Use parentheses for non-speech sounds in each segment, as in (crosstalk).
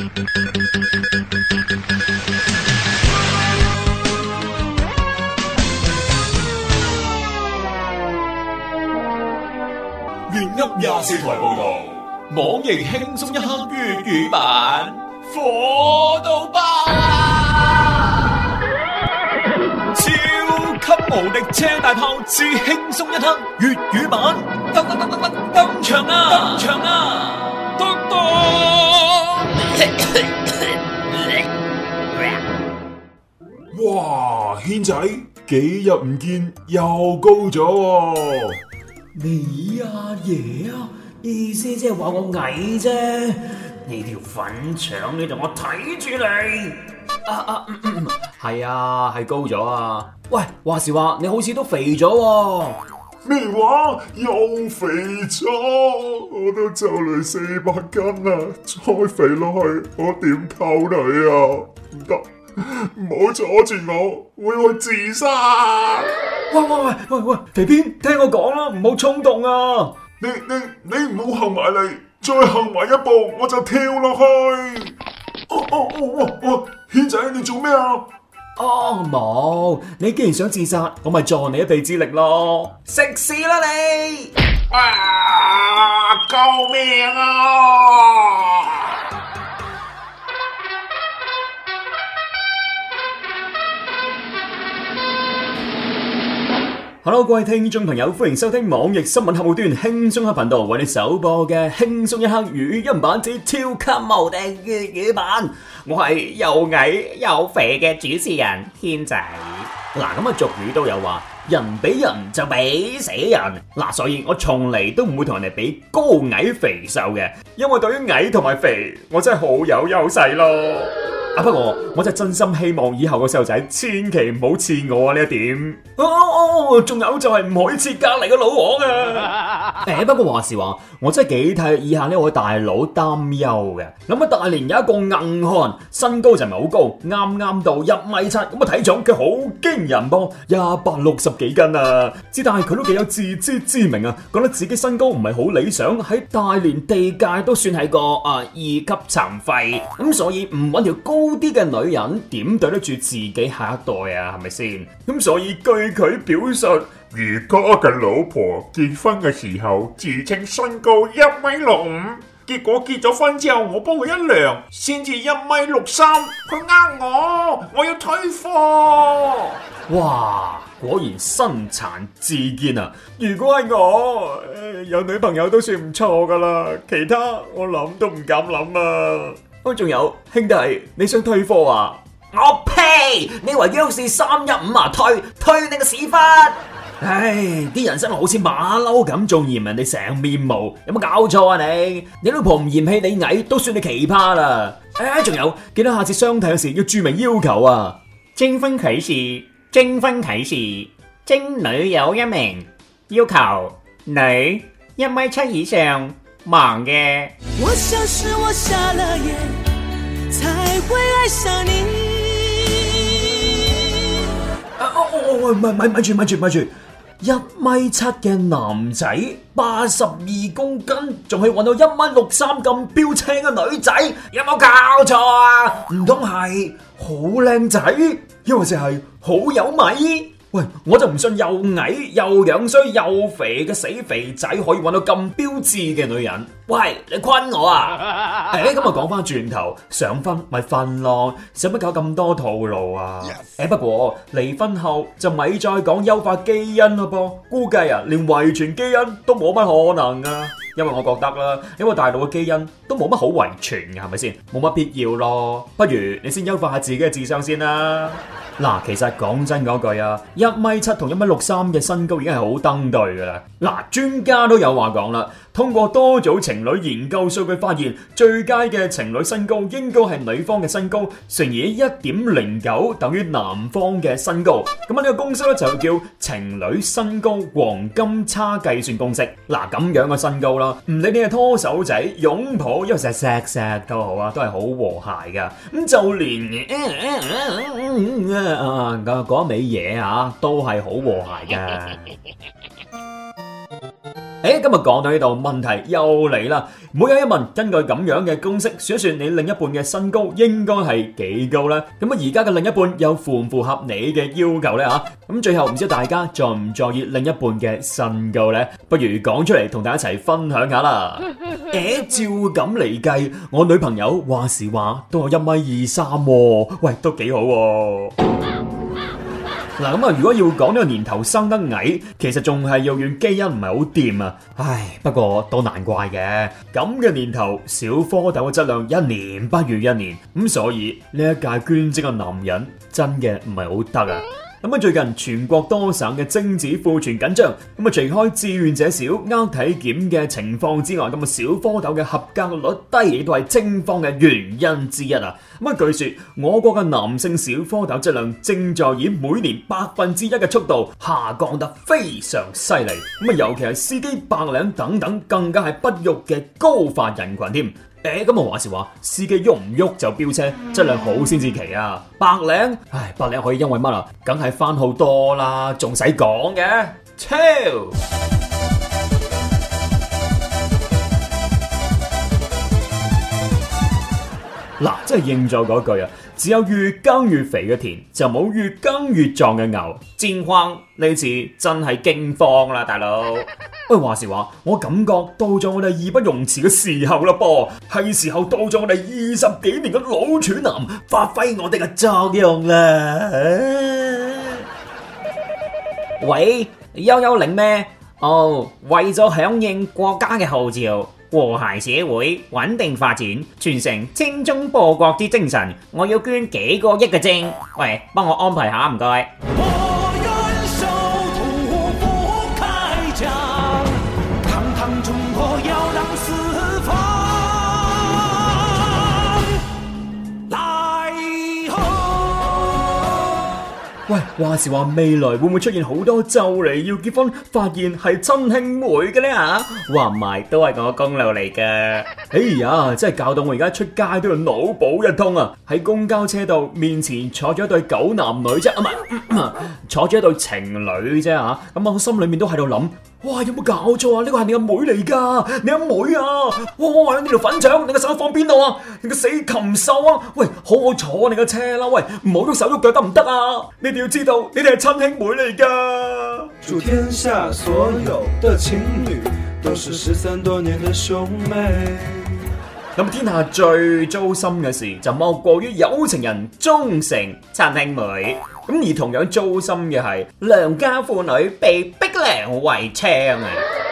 粵音廿四台報道，網易輕鬆一刻粵語版，火到爆！ (laughs) 超級無敵車大炮，之輕鬆一刻粵語版，登登登登登登場啊！登場啊，啊，啊！登登。哇，軒仔幾日唔見又高咗、啊？你阿、啊、爺啊，意思即係話我矮啫？你條粉腸，你同我睇住你。啊啊，係啊，係、嗯嗯啊、高咗啊！喂，話時話，你好似都肥咗、啊。咩話？又肥咗？我都就嚟四百斤啦，再肥落去我點溝女啊？唔得，唔好阻住我，我要去自殺！喂喂喂喂喂，肥邊聽我講啦，唔好衝動啊！你你你唔好行埋嚟，再行埋一步我就跳落去！哦哦哦哦哦，軒仔你做咩啊？哦，冇！你既然想自殺，我咪助你一臂之力咯！食屎啦你！啊，救命啊！hello，各位聽眾朋友，歡迎收聽網易新聞客戶端輕鬆一刻頻道為你首播嘅輕鬆一刻語音版之超級無敵粵語版，我係又矮又肥嘅主持人天仔。嗱、啊，咁啊俗語都有話，人比人就比死人。嗱、啊，所以我從嚟都唔會同人哋比高矮肥瘦嘅，因為對於矮同埋肥，我真係好有優勢咯。啊！不過我真係真心希望以後個細路仔千祈唔好似我啊！呢一點哦，仲、啊啊、有就係唔可以似隔籬個老王啊！誒、 (laughs) 欸，不過話時話，我真係幾替以下呢位大佬擔憂嘅。諗下大連有一個硬漢，身高就唔係好高，啱啱到一米七咁嘅體重，佢好驚人噃，兩百六十幾斤啊！只但係佢都幾有自知之明啊，覺得自己身高唔係好理想，喺大連地界都算係個啊二、呃、級殘廢咁、嗯，所以唔搵條高，高啲嘅女人點對得住自己下一代啊？係咪先？咁所以據佢表示，而家嘅老婆結婚嘅時候自稱身高一米六五，結果結咗婚之後我幫佢一量，先至一米六三，佢呃我，我要退貨。哇！果然身殘志堅啊！如果係我，有女朋友都算唔錯噶啦，其他我諗都唔敢諗啊！仲有兄弟，你想退貨啊？我呸，oh！你話央視三一五啊，退退你個屎忽！唉，啲人生好似馬騮咁，仲嫌人哋成面毛，有冇搞錯啊你？你老婆唔嫌棄你矮，都算你奇葩啦！唉！仲有記得下次相睇嘅時要注明要求啊！徵婚啟事，徵婚啟事，徵女友一名，要求女一米七以上。盲嘅。我想是我瞎了眼，才會愛上你。啊！哦哦哦，咪住咪住咪住，一米七嘅男仔，八十二公斤，仲可以搵到一米六三咁標青嘅女有有、啊、仔，有冇搞錯啊？唔通係好靚仔，抑或者係好有米。喂，我就唔信又矮又樣衰又肥嘅死肥仔可以搵到咁標致嘅女人。喂，你昆我啊？誒、 (laughs) 欸，咁啊講翻轉頭，想分咪分咯，使乜搞咁多套路啊？誒 Yes.、欸，不過離婚後就咪再講優化基因咯噃，估計啊連遺傳基因都冇乜可能啊。因為我覺得啦，因為大陸嘅基因都冇乜好遺傳嘅，係咪先？冇乜必要咯，不如你先優化下自己嘅智商先啦。嗱， (laughs) 其實講真嗰句啊，一米七同一米六三嘅身高已經係好登對噶啦。嗱，專家都有話講啦。通過多組情侶研究數據發現，最佳嘅情侶身高應該係女方嘅身高乘以一點零九等於男方嘅身高。咁啊呢個公式咧就叫情侶身高黃金差計算公式。嗱、啊、咁樣嘅身高啦，唔理你係拖手仔、擁抱，因為成日 s 都好都啊,啊,啊,啊,啊,啊,啊,啊，都係好和諧噶。咁就連啊啊嘢啊都啊好和啊啊誒，今日講到呢度，問題又嚟啦！每有一問，根據咁樣嘅公式，算一算你另一半嘅身高應該係幾高呢？咁啊，而家嘅另一半有符唔符合你嘅要求呢？吓，咁最後唔知大家在唔在意另一半嘅身高呢？不如講出嚟同大家一齊分享下啦！ (laughs) 誒，照咁嚟計，我女朋友話時話都有一米二三、啊，喂，都幾好、啊。嗱，咁啊，如果要講呢個年頭生得矮，其實仲係要怨基因唔係好掂啊！唉，不過都難怪嘅，咁嘅年頭，小蝌蚪嘅質量一年不如一年，咁所以呢一屆捐精嘅男人真嘅唔係好得啊！咁啊！最近全國多省嘅精子庫存緊張，咁啊除開志願者少、啱體檢嘅情況之外，咁啊小蝌蚪嘅合格率低亦都係精荒嘅原因之一啊！咁啊據說，我國嘅男性小蝌蚪質量正在以每年百分之一嘅速度下降得非常犀利，咁啊尤其係司機、白領等等，更加係不育嘅高發人群添。誒，咁我、欸、話時話司機喐唔喐就飆車，質量好先至奇啊！白領，唉，白領可以因為乜啊？梗係番好多 (music) 啦，仲使講嘅？超嗱，真係應咗嗰句啊！只有越耕越肥嘅田，就冇越耕越壯嘅牛。戰況呢次真係驚慌啦，大佬！喂，話時話，我感覺到咗我哋義不容辭嘅時候啦，噃，係時候到咗我哋二十幾年嘅老處男發揮我哋嘅作用啦。 (laughs) 喂，幺幺零咩？哦，為咗響應國家嘅號召。和諧社會，穩定發展，傳承精忠報國之精神。我要捐幾個億嘅精，喂，幫我安排下，唔該。話時話，未來會唔會出現好多就嚟要結婚，發現係親兄妹嘅咧吓？話唔埋都係我功勞嚟嘅。 (laughs) 哎呀，真係搞到我而家出街都要腦補一通啊！喺公交車度面前坐咗一對狗男女啫，唔、啊、係坐咗一對情侶啫吓、啊。咁、啊、我心裏面都喺度諗。哇！有冇搞錯啊？呢個係你阿妹嚟噶，你阿妹啊！哇！我話你條粉腸，你個手放邊度啊？你個死禽獸啊！喂，好好坐啊，你個車啦！喂，唔好喐手喐腳得唔得啊？你哋要知道，你哋係親兄妹嚟噶。祝天下所有嘅情侶都是失散多年嘅兄妹。咁天下最糟心嘅事就莫過於有情人終成兄妹，咁而同樣糟心嘅係良家婦女被逼良為娼。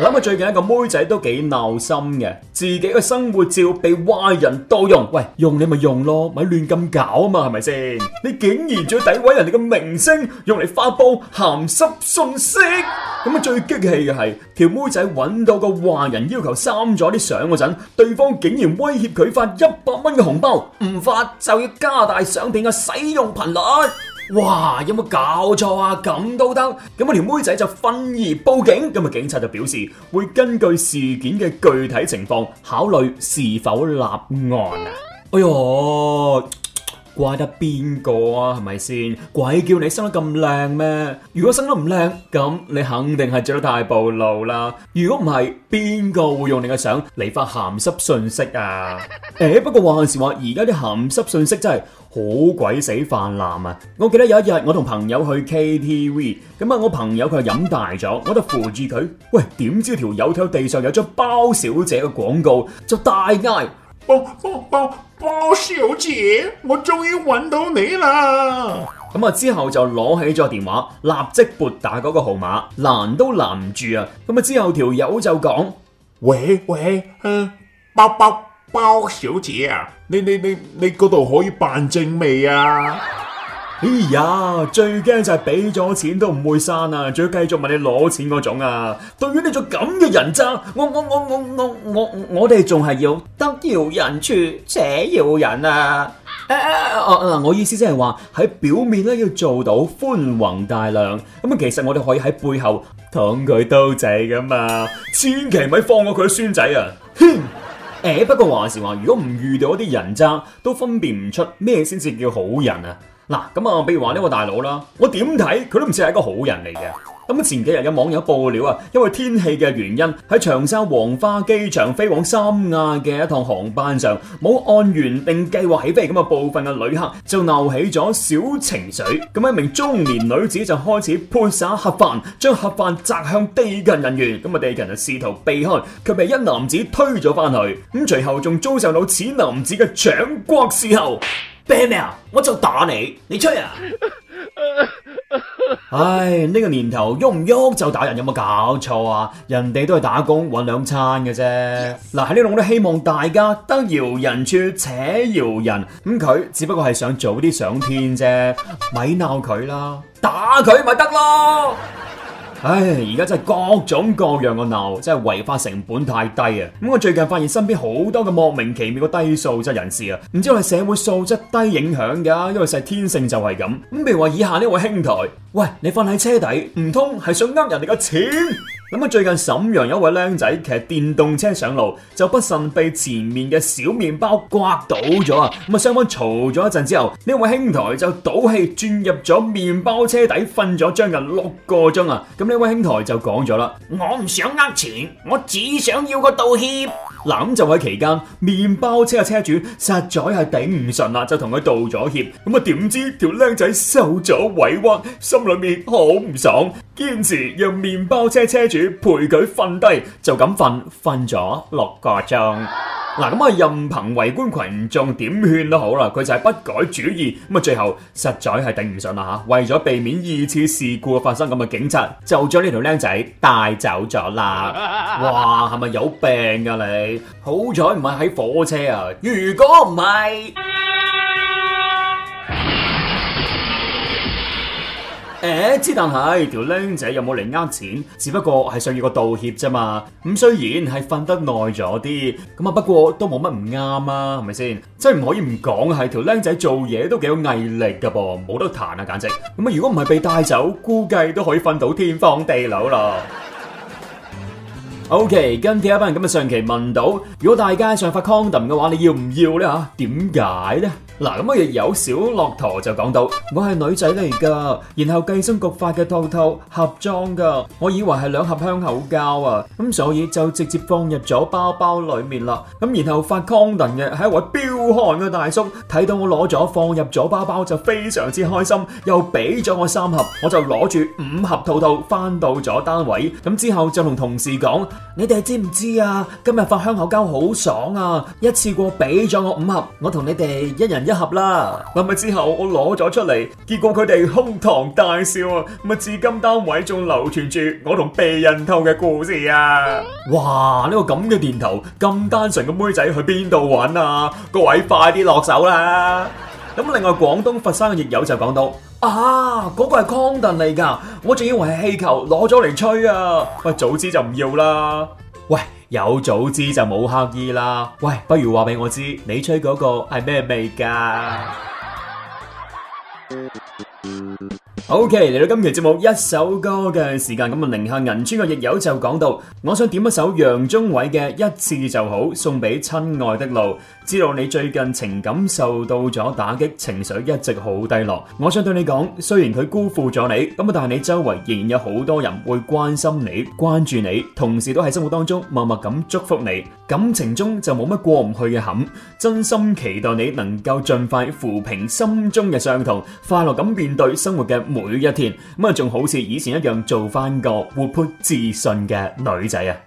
諗下最近一個妹仔都幾鬧心嘅，自己嘅生活照被壞人盜用，喂，用你咪用咯，咪亂咁搞啊嘛，係咪先？你竟然仲要詆毀人哋嘅名聲，用嚟發佈鹹濕信息，咁啊最激氣嘅係條妹仔揾到個壞人要求刪咗啲相嗰陣，對方竟然威脅佢發一百蚊嘅紅包，唔發就要加大相片嘅使用頻率。哇！有冇搞錯啊？咁都得？咁我條妹仔就憤而報警。咁啊，警察就表示會根據事件嘅具體情況考慮是否立案啊。哎呦！怪得邊個啊？係咪先？鬼叫你生得咁靚咩？如果生得唔靚，咁你肯定係着得太暴露啦。如果唔係，邊個會用你嘅相嚟發鹹濕信息啊？誒、 (laughs) 欸，不過話時話，而家啲鹹濕信息真係好鬼死泛濫啊！我記得有一日，我同朋友去 KTV，咁啊，我朋友佢係飲大咗，我就扶住佢。喂，點知條友睇到地上有張包小姐嘅廣告，就大嗌。包包包包小姐，我終於揾到你啦！咁啊，之後就攞起咗電話，立即撥打嗰個號碼，攔都攔唔住啊！咁啊之後條友就講：喂喂，呃，包包包小姐啊，你你你你嗰度可以辦證未啊？哎呀，最驚就係俾咗錢都唔會生啊，仲要繼續問你攞錢嗰種啊！對於你做咁嘅人渣，我我我我我我我哋仲係要得饒人處且饒人啊！誒，嗱，我意思即係話喺表面咧要做到寬宏大量，咁啊，其實我哋可以喺背後捅佢刀仔噶嘛，千祈咪放過佢孫仔啊！誒，不過話時話，如果唔遇到一啲人渣，都分辨唔出咩先至叫好人啊！嗱咁啊，比如話呢個大佬啦，我點睇佢都唔似係一個好人嚟嘅。咁、嗯、前幾日有網友報料啊，因為天氣嘅原因，喺長沙黃花機場飛往三亞嘅一趟航班上，冇按原定計劃起飛，咁啊部分嘅旅客就鬧起咗小情緒。咁一名中年女子就開始潑灑盒飯，將盒飯砸向地勤人員。咁啊，地勤就試圖避開，卻被一男子推咗翻去。咁隨後仲遭受到此男子嘅掌摑事後，咩啊！我就打你，你吹啊！ (laughs) 唉，呢個年頭，喐唔喐就打人，有冇搞錯啊？人哋都係打工搵兩餐嘅啫。嗱，喺呢度我都希望大家得饒人處且饒人，咁、嗯、佢只不過係想早啲上天啫，咪鬧佢啦，打佢咪得咯。唉，而家真係各種各樣嘅鬧，真係違法成本太低啊！咁我最近發現身邊好多嘅莫名其妙嘅低素質人士啊，唔知係社會素質低影響噶，因為係天性就係咁。咁譬如話以下呢位兄台，喂，你瞓喺車底，唔通係想呃人哋嘅錢？咁啊！最近沈陽有一位靚仔騎電動車上路，就不慎被前面嘅小麵包刮倒咗啊！咁啊，雙方嘈咗一陣之後，呢位兄台就賭氣鑽入咗麵包車底瞓咗將近六個鐘啊！咁呢位兄台就講咗啦：我唔想呃錢，我只想要個道歉。嗱咁就喺期間，麵包車嘅車主實在係頂唔順啦，就同佢道咗歉。咁啊，點知條靚仔受咗委屈，心裏面好唔爽，堅持讓麵包車車主陪佢瞓低，就咁瞓，瞓咗六個鐘。嗱，咁啊任憑圍觀群眾點勸都好啦，佢就係不改主意。咁啊，最後實在係頂唔順啦吓，為咗避免二次事故發生，咁啊，警察就將呢條靚仔帶走咗啦。哇，係咪有病啊你？好彩唔係喺火車啊！如果唔係， (noise) 誒，知但係條僆仔有冇嚟呃錢？只不過係想要個道歉啫嘛。咁雖然係瞓得耐咗啲，咁啊不過都冇乜唔啱啊，係咪先？即係唔可以唔講，係條僆仔做嘢都幾有毅力噶噃，冇得彈啊簡直。咁啊如果唔係被帶走，估計都可以瞓到天荒地老咯。O.K. 跟住有一班人咁嘅上期問到，如果大街上發 condom 嘅話，你要唔要咧嚇？點解咧？嗱，咁我亦有小駱駝就講到，我係女仔嚟㗎，然後計生局發嘅套套盒裝㗎，我以為係兩盒香口膠啊，咁所以就直接放入咗包包裡面啦，咁然後發 condom 嘅係一位標彪寒嘅大叔睇到我攞咗放入咗包包就非常之開心，又俾咗我三盒，我就攞住五盒套套翻到咗單位。咁之後就同同事講，你哋知唔知啊？今日發香口膠好爽啊！一次過俾咗我五盒，我同你哋一人一盒啦。咁咪之後我攞咗出嚟，結果佢哋哄堂大笑啊！咪至今單位仲流傳住我同避孕套嘅故事啊！ (laughs) 哇！呢、這個咁嘅念頭，咁單純嘅妹仔去邊度玩啊？快快啲落手啦！咁另外，廣東佛山嘅益友就講到：啊，嗰個係 condom 嚟㗎，我仲以為係氣球攞咗嚟吹啊！喂，早知就唔要啦。喂，有早知就冇乞兒啦。喂，不如話俾我知，你吹嗰個係咩味㗎？OK，嚟到今期節目一首歌嘅時間，咁啊，寧夏銀川嘅益友就講到，我想點一首楊宗緯嘅《一次就好》，送俾親愛的路。知道你最近情感受到咗打擊，情緒一直好低落。我想對你講，雖然佢辜負咗你，咁啊，但係你周圍仍然有好多人會關心你、關注你，同時都喺生活當中默默咁祝福你。感情中就冇乜過唔去嘅坎，真心期待你能夠盡快撫平心中嘅傷痛，快樂咁面對生活嘅每一天。咁啊，仲好似以前一樣做翻個活潑自信嘅女仔啊！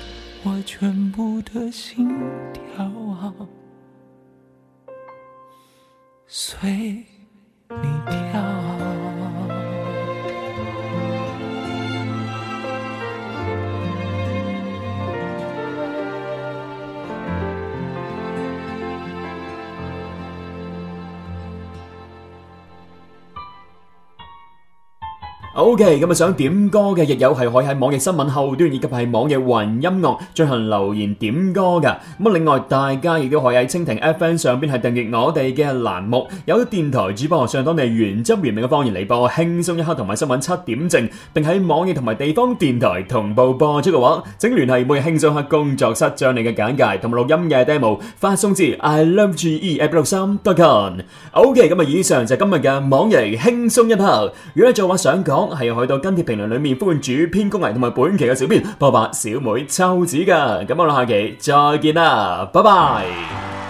全部的心跳啊，隨你跳啊。O.K. 咁啊想點歌嘅日友係可以喺網易新聞後端以及係網易雲音樂進行留言點歌噶。咁啊，另外大家亦都可以喺蜻蜓 F.M. 上邊係訂閱我哋嘅欄目，有啲電台主播上當地原汁原味嘅方言嚟播，輕鬆一刻同埋新聞七點正，并喺網易同埋地方電台同步播出嘅話，請聯繫每日輕鬆一刻工作室將你嘅簡介同埋錄音嘅 demo 發送至 i love ge f 六三 dot com。O.K. 咁啊，以上就係今日嘅網易輕鬆一刻。如果再有想講，係有去到跟帖評論裏面，歡迎主編、工爺同埋本期嘅小編波波、小妹秋子噶。咁我哋下期再見啦，拜 (noise) 拜樂。